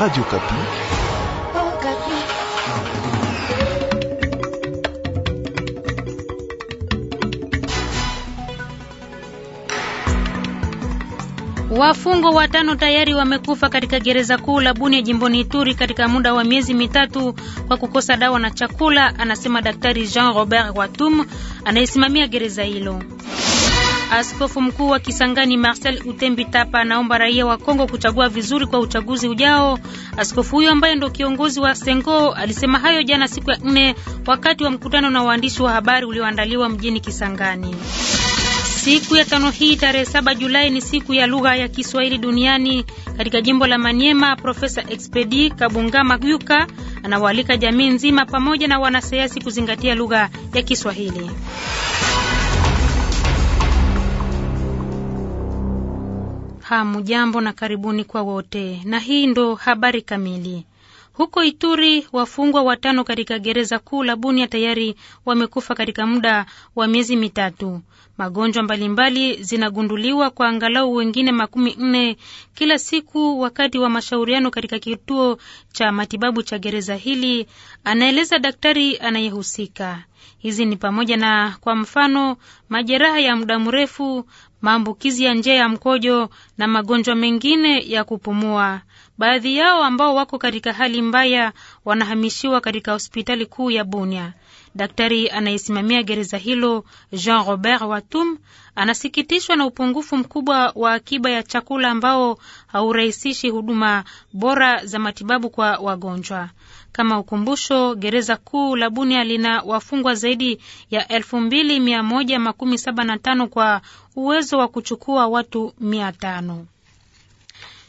Radio Okapi. Wafungwa watano tayari wamekufa katika gereza kuu la Bunia jimboni Ituri katika muda wa miezi mitatu kwa kukosa dawa na chakula, anasema Daktari Jean Robert Watum anayesimamia gereza hilo. Askofu mkuu wa Kisangani Marcel Utembi Tapa anaomba raia wa Kongo kuchagua vizuri kwa uchaguzi ujao. Askofu huyo ambaye ndio kiongozi wa Sengo alisema hayo jana siku ya nne wakati wa mkutano na waandishi wa habari ulioandaliwa mjini Kisangani. Siku ya tano hii tarehe 7 Julai ni siku ya lugha ya Kiswahili duniani. Katika jimbo la Maniema, Profesa Expedi Kabunga Magyuka anawaalika jamii nzima pamoja na wanasayansi kuzingatia lugha ya Kiswahili. jambo na karibuni kwa wote, na hii ndo habari kamili. Huko Ituri, wafungwa watano katika gereza kuu la Bunia tayari wamekufa katika muda wa miezi mitatu. Magonjwa mbalimbali zinagunduliwa kwa angalau wengine makumi nne kila siku wakati wa mashauriano katika kituo cha matibabu cha gereza hili, anaeleza daktari anayehusika. Hizi ni pamoja na kwa mfano majeraha ya muda mrefu, maambukizi ya njia ya mkojo na magonjwa mengine ya kupumua. Baadhi yao ambao wako katika hali mbaya wanahamishiwa katika hospitali kuu ya Bunia. Daktari anayesimamia gereza hilo Jean Robert Watum anasikitishwa na upungufu mkubwa wa akiba ya chakula ambao haurahisishi huduma bora za matibabu kwa wagonjwa. Kama ukumbusho, gereza kuu la Bunia lina wafungwa zaidi ya elfu mbili mia moja makumi saba na tano kwa uwezo wa kuchukua watu mia tano.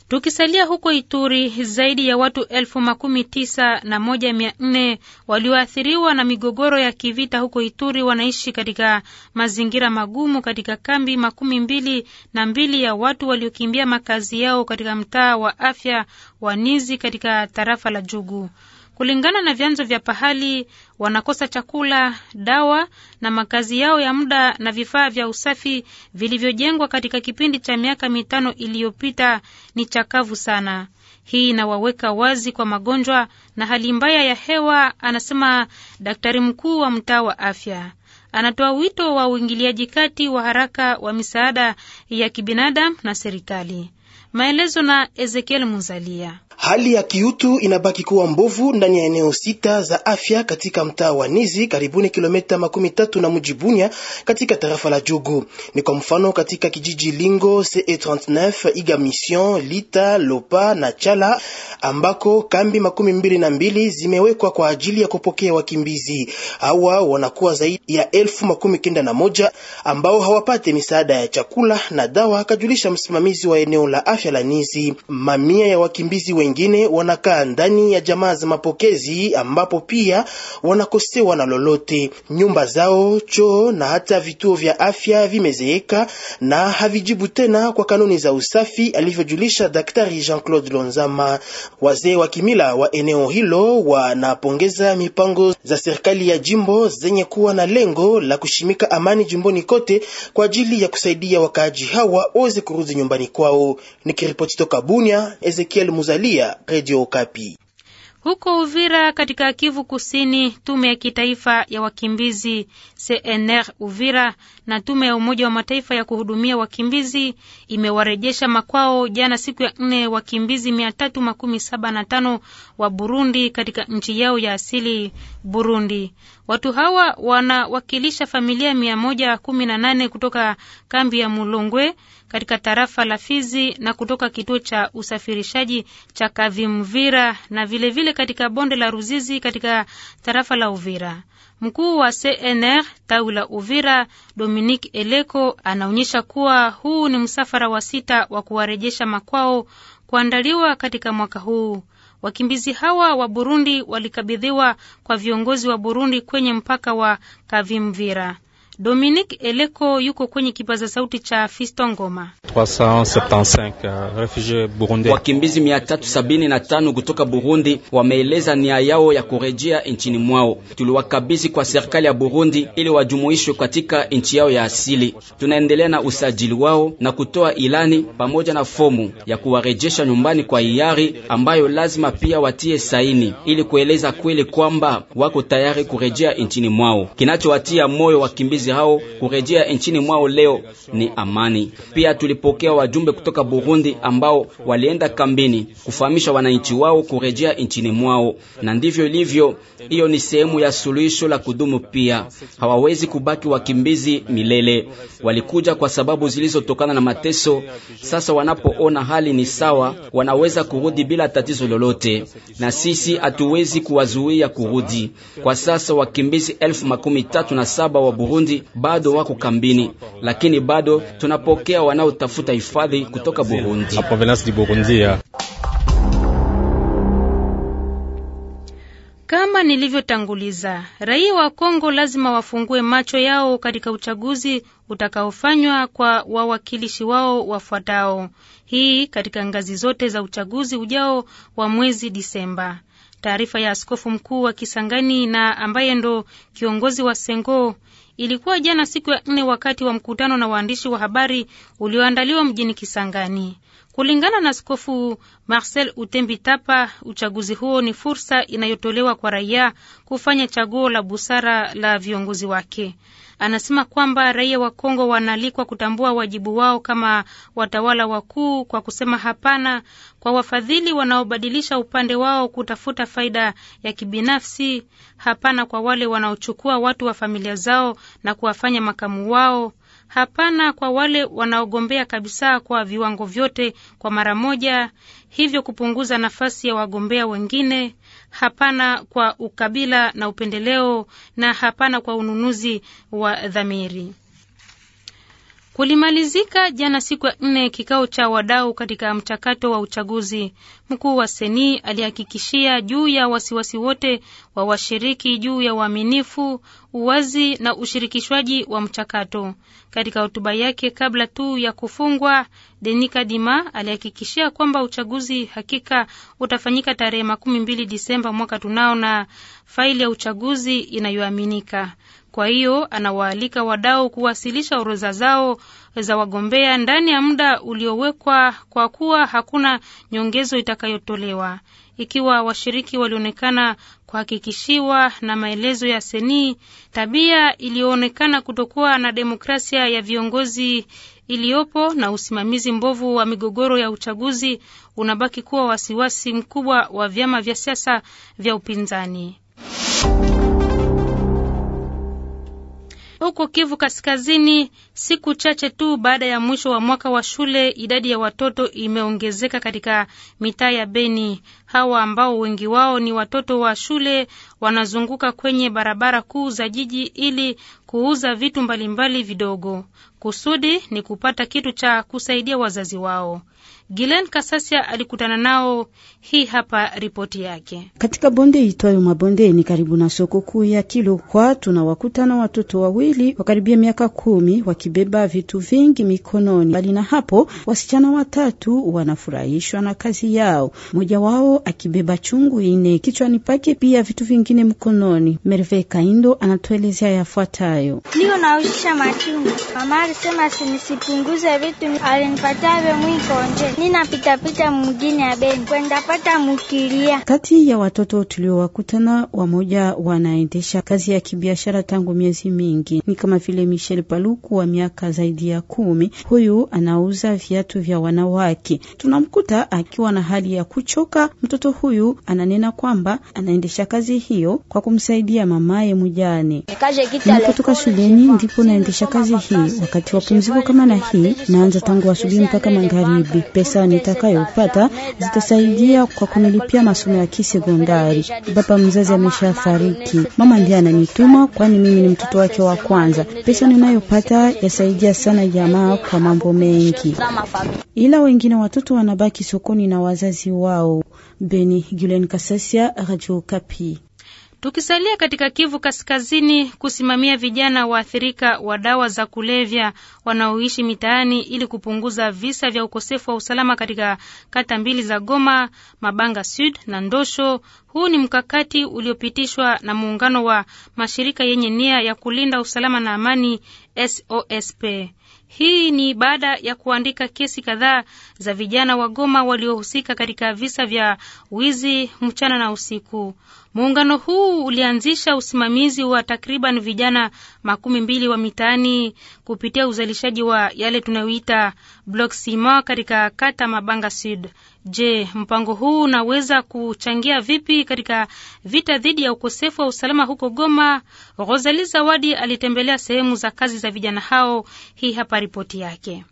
Tukisalia huko Ituri, zaidi ya watu elfu makumi tisa na moja mia nne walioathiriwa na migogoro ya kivita huko Ituri wanaishi katika mazingira magumu katika kambi makumi mbili na mbili ya watu waliokimbia makazi yao katika mtaa wa afya wa Nizi katika tarafa la Jugu. Kulingana na vyanzo vya pahali, wanakosa chakula, dawa na makazi yao ya muda na vifaa vya usafi vilivyojengwa katika kipindi cha miaka mitano iliyopita ni chakavu sana. Hii inawaweka wazi kwa magonjwa na hali mbaya ya hewa, anasema daktari mkuu wa mtaa wa afya. Anatoa wito wa uingiliaji kati wa haraka wa misaada ya kibinadamu na serikali. Maelezo na Ezekiel Muzalia. Hali ya kiutu inabaki kuwa mbovu ndani ya eneo sita za afya katika mtaa wa Nizi karibuni kilomita makumi tatu na Bunya katika tarafa la Jugu. Ni kwa mfano katika kijiji Lingo CE39 Iga Mission Lita Lopa na Chala ambako kambi makumi mbili na mbili zimewekwa kwa ajili ya kupokea wakimbizi. Hawa wanakuwa zaidi ya elfu makumi kenda na moja ambao hawapate misaada ya chakula na dawa, akajulisha msimamizi wa eneo la afya la Nizi. Mamia ya wakimbizi wengine wanakaa ndani ya jamaa za mapokezi ambapo pia wanakosewa na lolote. Nyumba zao, choo na hata vituo vya afya vimezeeka na havijibu tena kwa kanuni za usafi, alivyojulisha Daktari Jean-Claude Lonzama. Wazee wa kimila wa eneo hilo wanapongeza mipango za serikali ya jimbo zenye kuwa na lengo la kushimika amani jimboni kote kwa ajili ya kusaidia wakaaji hawa waweze kurudi nyumbani kwao. Nikiripoti toka Bunia, Ezekiel Muzali kupitia redio Kapi. Huko Uvira katika Kivu Kusini, tume ya kitaifa ya wakimbizi CNR Uvira na tume ya Umoja wa Mataifa ya kuhudumia wakimbizi imewarejesha makwao jana siku ya nne wakimbizi mia tatu makumi saba na tano wa Burundi katika nchi yao ya asili Burundi. Watu hawa wanawakilisha familia mia moja kumi na nane kutoka kambi ya Mulongwe katika tarafa la Fizi na kutoka kituo cha usafirishaji cha Kavimvira na vilevile vile katika bonde la Ruzizi katika tarafa la Uvira. Mkuu wa CNR tawi la Uvira, Dominique Eleko, anaonyesha kuwa huu ni msafara wa sita wa kuwarejesha makwao kuandaliwa katika mwaka huu. Wakimbizi hawa wa Burundi walikabidhiwa kwa viongozi wa Burundi kwenye mpaka wa Kavimvira. Dominic Eleko yuko kwenye kipaza sauti cha Fisto Ngoma. 375 euh, Burundi. Wakimbizi 375 kutoka Burundi wameeleza nia yao ya kurejea nchini mwao. tuliwakabizi kwa serikali ya Burundi ili wajumuishwe katika nchi yao ya asili. Tunaendelea na usajili wao na kutoa ilani pamoja na fomu ya kuwarejesha nyumbani kwa hiari, ambayo lazima pia watie saini ili kueleza kweli kwamba wako tayari kurejea nchini mwao. Kinachowatia moyo wakimbizi wakimbizi hao kurejea nchini mwao leo ni amani. Pia tulipokea wajumbe kutoka Burundi ambao walienda kambini kufahamisha wananchi wao kurejea nchini mwao, na ndivyo ilivyo. Hiyo ni sehemu ya suluhisho la kudumu. Pia hawawezi kubaki wakimbizi milele. Walikuja kwa sababu zilizotokana na mateso. Sasa wanapoona hali ni sawa, wanaweza kurudi bila tatizo lolote, na sisi hatuwezi kuwazuia kurudi. Kwa sasa wakimbizi elfu makumi tatu na saba wa Burundi wakimbizi bado wako kambini, lakini bado tunapokea wanaotafuta hifadhi kutoka Burundi. Kama nilivyotanguliza, raia wa Kongo lazima wafungue macho yao katika uchaguzi utakaofanywa kwa wawakilishi wao wafuatao, hii katika ngazi zote za uchaguzi ujao wa mwezi Disemba. Taarifa ya askofu mkuu wa Kisangani na ambaye ndo kiongozi wa Sengo Ilikuwa jana siku ya nne wakati wa mkutano na waandishi wa habari ulioandaliwa mjini Kisangani. Kulingana na Skofu Marcel Utembitapa, uchaguzi huo ni fursa inayotolewa kwa raia kufanya chaguo la busara la viongozi wake. Anasema kwamba raia wa Kongo wanaalikwa kutambua wajibu wao kama watawala wakuu kwa kusema hapana kwa wafadhili wanaobadilisha upande wao kutafuta faida ya kibinafsi, hapana kwa wale wanaochukua watu wa familia zao na kuwafanya makamu wao, hapana kwa wale wanaogombea kabisa kwa viwango vyote kwa mara moja, hivyo kupunguza nafasi ya wagombea wengine, hapana kwa ukabila na upendeleo, na hapana kwa ununuzi wa dhamiri. Kulimalizika jana siku ya nne kikao cha wadau katika mchakato wa uchaguzi mkuu. Wa seni alihakikishia juu ya wasiwasi wote wa washiriki juu ya uaminifu, uwazi na ushirikishwaji wa mchakato. Katika hotuba yake kabla tu ya kufungwa, Denis Kadima alihakikishia kwamba uchaguzi hakika utafanyika tarehe makumi mbili Disemba mwaka tunao na faili ya uchaguzi inayoaminika. Kwa hiyo anawaalika wadau kuwasilisha orodha zao za wagombea ndani ya muda uliowekwa, kwa kuwa hakuna nyongezo itakayotolewa. Ikiwa washiriki walionekana kuhakikishiwa na maelezo ya seni, tabia iliyoonekana kutokuwa na demokrasia ya viongozi iliyopo na usimamizi mbovu wa migogoro ya uchaguzi unabaki kuwa wasiwasi mkubwa wa vyama vya siasa vya upinzani. Huko Kivu Kaskazini, siku chache tu baada ya mwisho wa mwaka wa shule, idadi ya watoto imeongezeka katika mitaa ya Beni. Hawa ambao wengi wao ni watoto wa shule wanazunguka kwenye barabara kuu za jiji ili kuuza vitu mbalimbali vidogo. Kusudi ni kupata kitu cha kusaidia wazazi wao. Gilen Kasasia alikutana nao. Hii hapa ripoti yake. Katika bonde itwayo Mabondeni, karibu na soko kuu ya Kilokwa, tunawakutana watoto wawili wakaribia miaka kumi wakibeba vitu vingi mikononi. Bali na hapo, wasichana watatu wanafurahishwa na kazi yao, mmoja wao akibeba chungu ine kichwani pake, pia vitu vingine mkononi. Merve Kaindo anatuelezea yafuatayo. Ndio naushisha machungu, mama alisema sinisipunguze vitu, alinipatia vyo mwiko nje Nina pita pita ya Abeni kwenda pata mkilia. Kati ya watoto tuliowakutana, wamoja wanaendesha kazi ya kibiashara tangu miezi mingi, ni kama vile Michel Paluku wa miaka zaidi ya kumi. Huyu anauza viatu vya wanawake. Tunamkuta akiwa na hali ya kuchoka. Mtoto huyu ananena kwamba anaendesha kazi hiyo kwa kumsaidia mamaye mjane. Nilipotoka shuleni ndipo naendesha kazi hii, wakati wa pumziko kama na hii naanza tangu asubuhi mpaka magharibi pesa nitakayopata zitasaidia kwa kunilipia masomo ya kisekondari. Baba mzazi ameshafariki, mama ndiye ananituma, kwani mimi ni mtoto wake wa kwanza. Pesa ninayopata yasaidia sana jamaa kwa mambo mengi, ila wengine watoto wanabaki sokoni na wazazi wao. Beni Gulen Kasasia, Radio Kapi. Tukisalia katika Kivu Kaskazini, kusimamia vijana waathirika wa dawa za kulevya wanaoishi mitaani ili kupunguza visa vya ukosefu wa usalama katika kata mbili za Goma, Mabanga Sud na Ndosho. Huu ni mkakati uliopitishwa na muungano wa mashirika yenye nia ya kulinda usalama na amani SOSP. Hii ni baada ya kuandika kesi kadhaa za vijana wa Goma waliohusika katika visa vya wizi mchana na usiku. Muungano huu ulianzisha usimamizi wa takriban vijana makumi mbili wa mitaani kupitia uzalishaji wa yale tunayoita block sima katika kata Mabanga Sud. Je, mpango huu unaweza kuchangia vipi katika vita dhidi ya ukosefu wa usalama huko Goma? Rosalie Zawadi alitembelea sehemu za kazi za vijana hao. Hii hapa ripoti yake.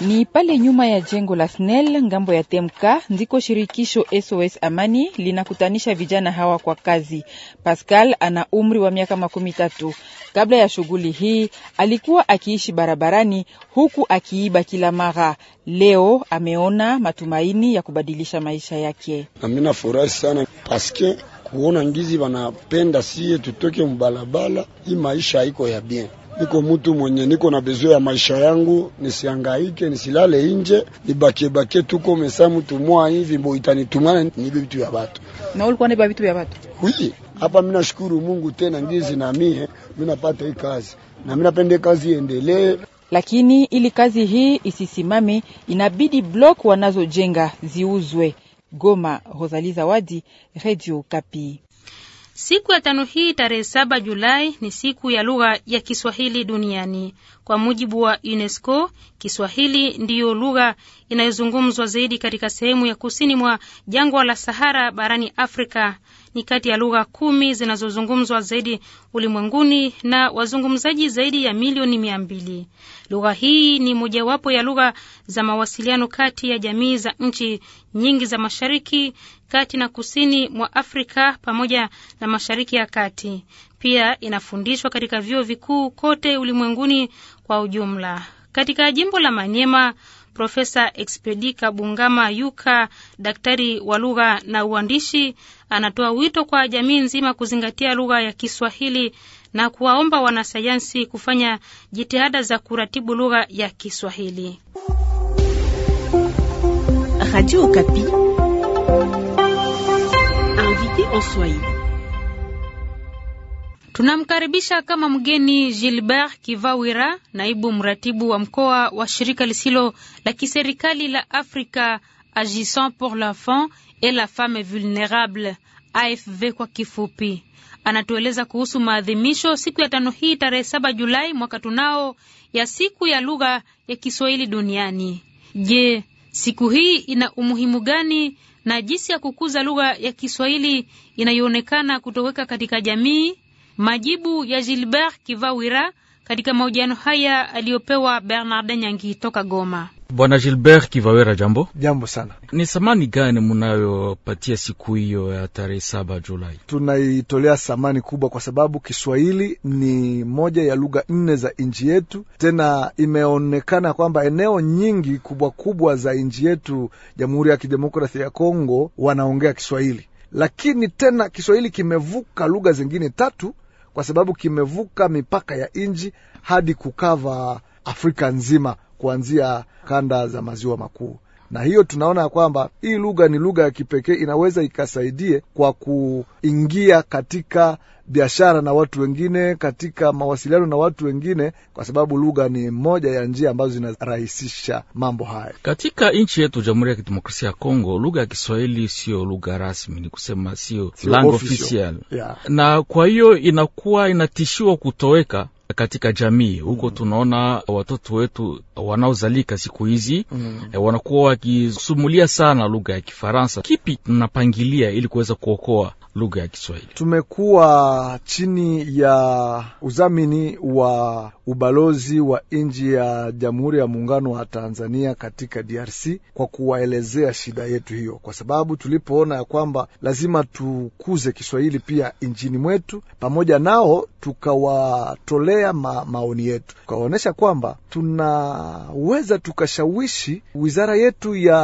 Ni pale nyuma ya jengo la SNEL ngambo ya Temka ndiko shirikisho SOS Amani linakutanisha vijana hawa kwa kazi. Pascal ana umri wa miaka makumi tatu. Kabla ya shughuli hii alikuwa akiishi barabarani huku akiiba kila mara. Leo ameona matumaini ya kubadilisha maisha yake. Amina furahi sana paske kuona ngizi wanapenda sie tutoke mbalabala, hii maisha haiko ya bien niko mtu mwenye niko na bezo ya maisha yangu, nisiangaike, nisilale nje, nibakie bakie tuko mesa mtu mwa hivi mbo itanitumana nibe vitu vya watu. Na ulikuwa niba vitu vya watu? Oui. Hapa mimi nashukuru Mungu tena ngizi na mie mimi napata hii kazi. Na mimi napenda kazi iendelee. Lakini ili kazi hii isisimame, inabidi block wanazojenga ziuzwe. Goma, Rosalie Zawadi, Radio Kapi. Siku ya tano hii tarehe saba Julai ni siku ya lugha ya Kiswahili duniani. Kwa mujibu wa UNESCO, Kiswahili ndiyo lugha inayozungumzwa zaidi katika sehemu ya kusini mwa jangwa la Sahara barani Afrika ni kati ya lugha kumi zinazozungumzwa zaidi ulimwenguni na wazungumzaji zaidi ya milioni mia mbili. Lugha hii ni mojawapo ya lugha za mawasiliano kati ya jamii za nchi nyingi za mashariki kati na kusini mwa Afrika pamoja na mashariki ya kati. Pia inafundishwa katika vyuo vikuu kote ulimwenguni kwa ujumla. Katika jimbo la Manyema Profesa Expedika Bungama Yuka, daktari wa lugha na uandishi, anatoa wito kwa jamii nzima kuzingatia lugha ya Kiswahili na kuwaomba wanasayansi kufanya jitihada za kuratibu lugha ya Kiswahili. Radio Okapi. Tunamkaribisha kama mgeni Gilbert Kivawira, naibu mratibu wa mkoa wa shirika lisilo la kiserikali la afrika Agissant pour l'enfant et la femme vulnerable AFV kwa kifupi. Anatueleza kuhusu maadhimisho siku ya tano hii tarehe saba Julai mwaka tunao ya siku ya lugha ya Kiswahili duniani. Je, siku hii ina umuhimu gani na jinsi ya kukuza lugha ya Kiswahili inayoonekana kutoweka katika jamii? Majibu ya Gilbert Kivawira katika mahojiano haya aliyopewa Bernard Nyangi toka Goma. Bwana Gilbert Kivawira, jambo. Jambo sana. Ni samani gani munayopatia siku hiyo ya tarehe saba Julai? Tunaitolea samani kubwa kwa sababu Kiswahili ni moja ya lugha nne za nchi yetu. Tena imeonekana kwamba eneo nyingi kubwa kubwa za nchi yetu, Jamhuri ya Kidemokrasia ya Kongo, wanaongea Kiswahili, lakini tena Kiswahili kimevuka lugha zingine tatu kwa sababu kimevuka mipaka ya nji hadi kukava Afrika nzima kuanzia kanda za maziwa makuu na hiyo tunaona kwamba hii lugha ni lugha ya kipekee, inaweza ikasaidie kwa kuingia katika biashara na watu wengine, katika mawasiliano na watu wengine, kwa sababu lugha ni moja ya njia ambazo zinarahisisha mambo haya. Katika nchi yetu Jamhuri ya Kidemokrasia ya Kongo, lugha ya Kiswahili siyo lugha rasmi, ni kusema sio official, yeah. Na kwa hiyo inakuwa inatishiwa kutoweka katika jamii huko mm. Tunaona watoto wetu wanaozalika siku hizi mm. Eh, wanakuwa wakisumulia sana lugha ya Kifaransa. Kipi tunapangilia ili kuweza kuokoa lugha ya Kiswahili. Tumekuwa chini ya udhamini wa ubalozi wa nchi ya Jamhuri ya Muungano wa Tanzania katika DRC kwa kuwaelezea shida yetu hiyo, kwa sababu tulipoona ya kwamba lazima tukuze Kiswahili pia nchini mwetu, pamoja nao tukawatolea ma maoni yetu, tukawaonyesha kwamba tunaweza tukashawishi wizara yetu ya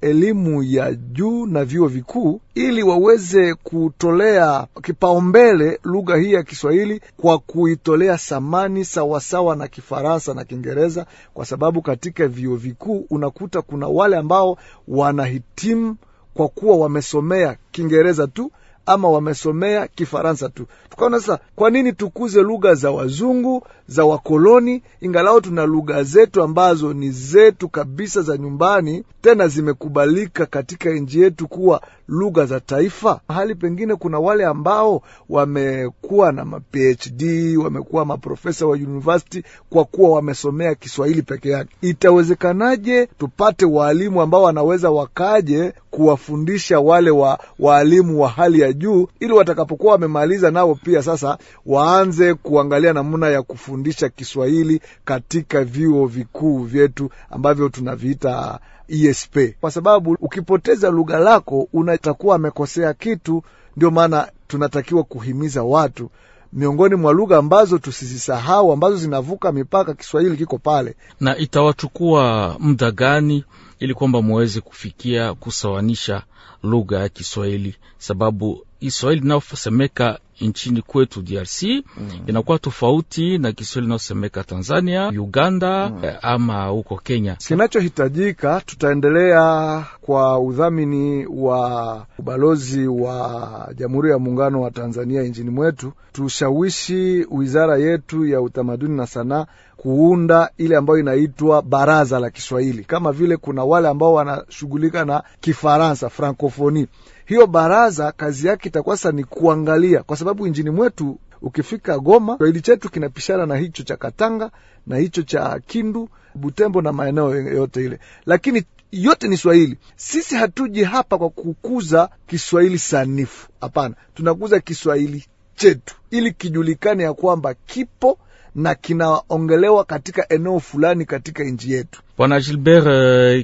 elimu ya juu na vyuo vikuu ili waweze kutolea kipaumbele lugha hii ya Kiswahili kwa kuitolea samani sawasawa na Kifaransa na Kiingereza, kwa sababu katika vyuo vikuu unakuta kuna wale ambao wanahitimu kwa kuwa wamesomea Kiingereza tu ama wamesomea Kifaransa tu. Tukaona sasa, kwa nini tukuze lugha za wazungu za wakoloni, ingalao tuna lugha zetu ambazo ni zetu kabisa za nyumbani, tena zimekubalika katika nchi yetu kuwa lugha za taifa. Mahali pengine kuna wale ambao wamekuwa na ma PhD, wamekuwa maprofesa wa university kwa kuwa wamesomea Kiswahili peke yake. Itawezekanaje tupate waalimu ambao wanaweza wakaje kuwafundisha wale wa waalimu wa hali ya juu, ili watakapokuwa wamemaliza nao pia sasa waanze kuangalia namna ya kufundisha Kiswahili katika vyuo vikuu vyetu ambavyo tunaviita ESP, kwa sababu ukipoteza lugha lako unatakuwa amekosea kitu. Ndio maana tunatakiwa kuhimiza watu miongoni mwa lugha ambazo tusizisahau ambazo zinavuka mipaka, Kiswahili kiko pale. Na itawachukua muda gani ili kwamba muweze kufikia kusawanisha lugha ya Kiswahili, sababu Kiswahili inayosemeka nchini kwetu DRC mm. inakuwa tofauti na Kiswahili inayosemeka Tanzania, Uganda mm. Eh, ama huko Kenya. Kinachohitajika, tutaendelea kwa udhamini wa ubalozi wa Jamhuri ya Muungano wa Tanzania nchini mwetu, tushawishi wizara yetu ya utamaduni na sanaa kuunda ile ambayo inaitwa baraza la Kiswahili, kama vile kuna wale ambao wanashughulika na Kifaransa, francofoni. Hiyo baraza kazi yake itakuwa sasa ni kuangalia, kwa sababu injini mwetu ukifika Goma, Kiswahili chetu kinapishana na hicho cha Katanga na hicho cha Kindu, Butembo na maeneo yote ile, lakini yote ni Swahili. Sisi hatuji hapa kwa kukuza Kiswahili sanifu, hapana, tunakuza Kiswahili chetu ili kijulikane ya kwamba kipo na kinaongelewa katika eneo fulani katika nchi yetu. Bwana Gilbert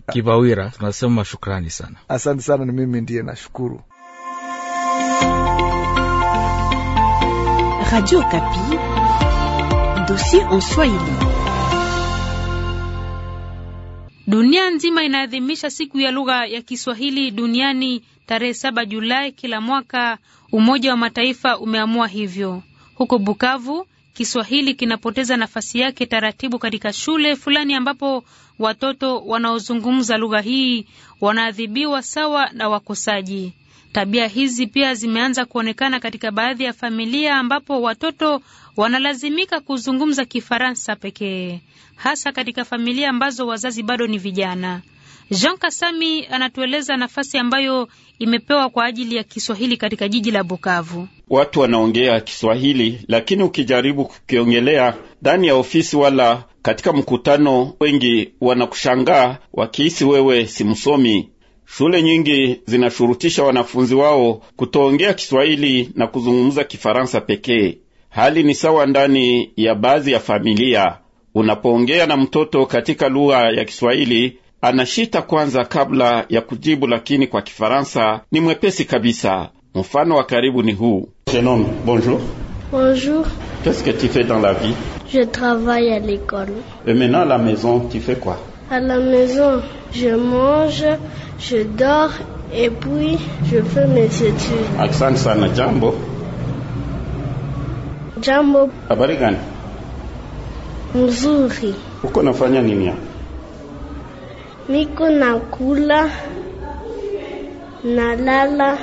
uh, Kibawira, tunasema shukrani sana, asante sana. Ni mimi ndiye nashukuru. Radio Kapi, dossier en Swahili. Dunia nzima inaadhimisha siku ya lugha ya Kiswahili duniani tarehe saba Julai kila mwaka. Umoja wa Mataifa umeamua hivyo. Huko Bukavu, Kiswahili kinapoteza nafasi yake taratibu katika shule fulani ambapo watoto wanaozungumza lugha hii wanaadhibiwa sawa na wakosaji. Tabia hizi pia zimeanza kuonekana katika baadhi ya familia ambapo watoto wanalazimika kuzungumza Kifaransa pekee, hasa katika familia ambazo wazazi bado ni vijana. Jean Kasami anatueleza nafasi ambayo imepewa kwa ajili ya Kiswahili katika jiji la Bukavu. Watu wanaongea Kiswahili, lakini ukijaribu kukiongelea ndani ya ofisi wala katika mkutano, wengi wanakushangaa wakihisi wewe si msomi. Shule nyingi zinashurutisha wanafunzi wao kutoongea Kiswahili na kuzungumza Kifaransa pekee. Hali ni sawa ndani ya baadhi ya familia. Unapoongea na mtoto katika lugha ya Kiswahili, anashita kwanza kabla ya kujibu, lakini kwa Kifaransa ni mwepesi kabisa. Mfano wa karibu ni huu: bonjour. Bonjour. Qu'est-ce que tu fais dans la vie? Je travaille à l'école. Et maintenant à la maison, tu fais quoi? À la maison, je mange, je dors et puis je fais mes études. sana. Jambo. Jambo. Habari gani? Mzuri. Uko nafanya nini hapa? Miko na lala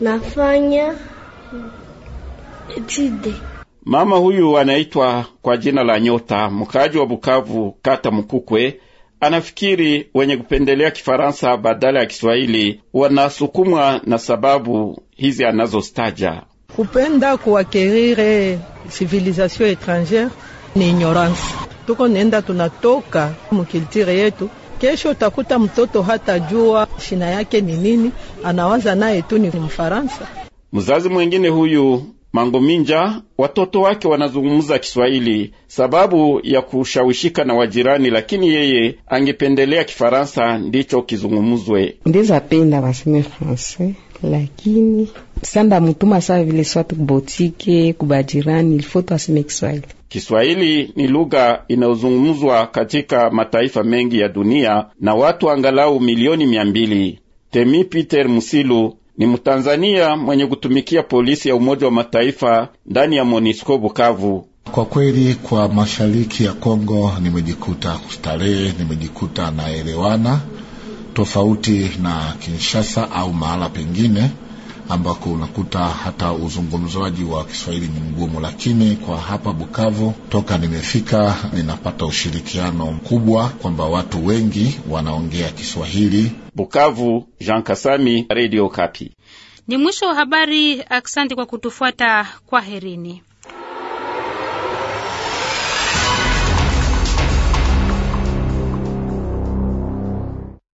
nafanya jide. Mama huyu anaitwa kwa jina la Nyota, mkaji wa Bukavu, kata Mkukwe. Anafikiri wenye kupendelea Kifaransa badala ya Kiswahili wanasukumwa na sababu hizi anazostaja. Kupenda kuakerire civilisation etrangere ni ignorance tuko nenda tunatoka mukiltire yetu. Kesho utakuta mtoto jua shina yake ni nini, anawaza naye tu ni Mfaransa. Mzazi mwingine huyu minja watoto wake wanazungumza Kiswahili sababu ya kushawishika na wajirani, lakini yeye angependelea Kifaransa ndicho kizungumzwe. Ndizapenda waseme Francais, lakini samba mutuma sawa vile swatu kubotike kubajirani ilifoto aseme Kiswahili. Kiswahili ni lugha inayozungumzwa katika mataifa mengi ya dunia na watu angalau milioni mia mbili. Temi Peter Musilu ni Mtanzania mwenye kutumikia polisi ya Umoja wa Mataifa ndani ya Monisco Bukavu. Kwa kweli kwa mashariki ya Kongo nimejikuta kustarehe, nimejikuta naelewana tofauti na Kinshasa au mahala pengine ambako unakuta hata uzungumzaji wa Kiswahili ni mgumu, lakini kwa hapa Bukavu toka nimefika ninapata ushirikiano mkubwa kwamba watu wengi wanaongea Kiswahili. Bukavu, Jean Kasami, Radio Kapi. Ni mwisho wa habari. aksanti kwa kutufuata, kwa herini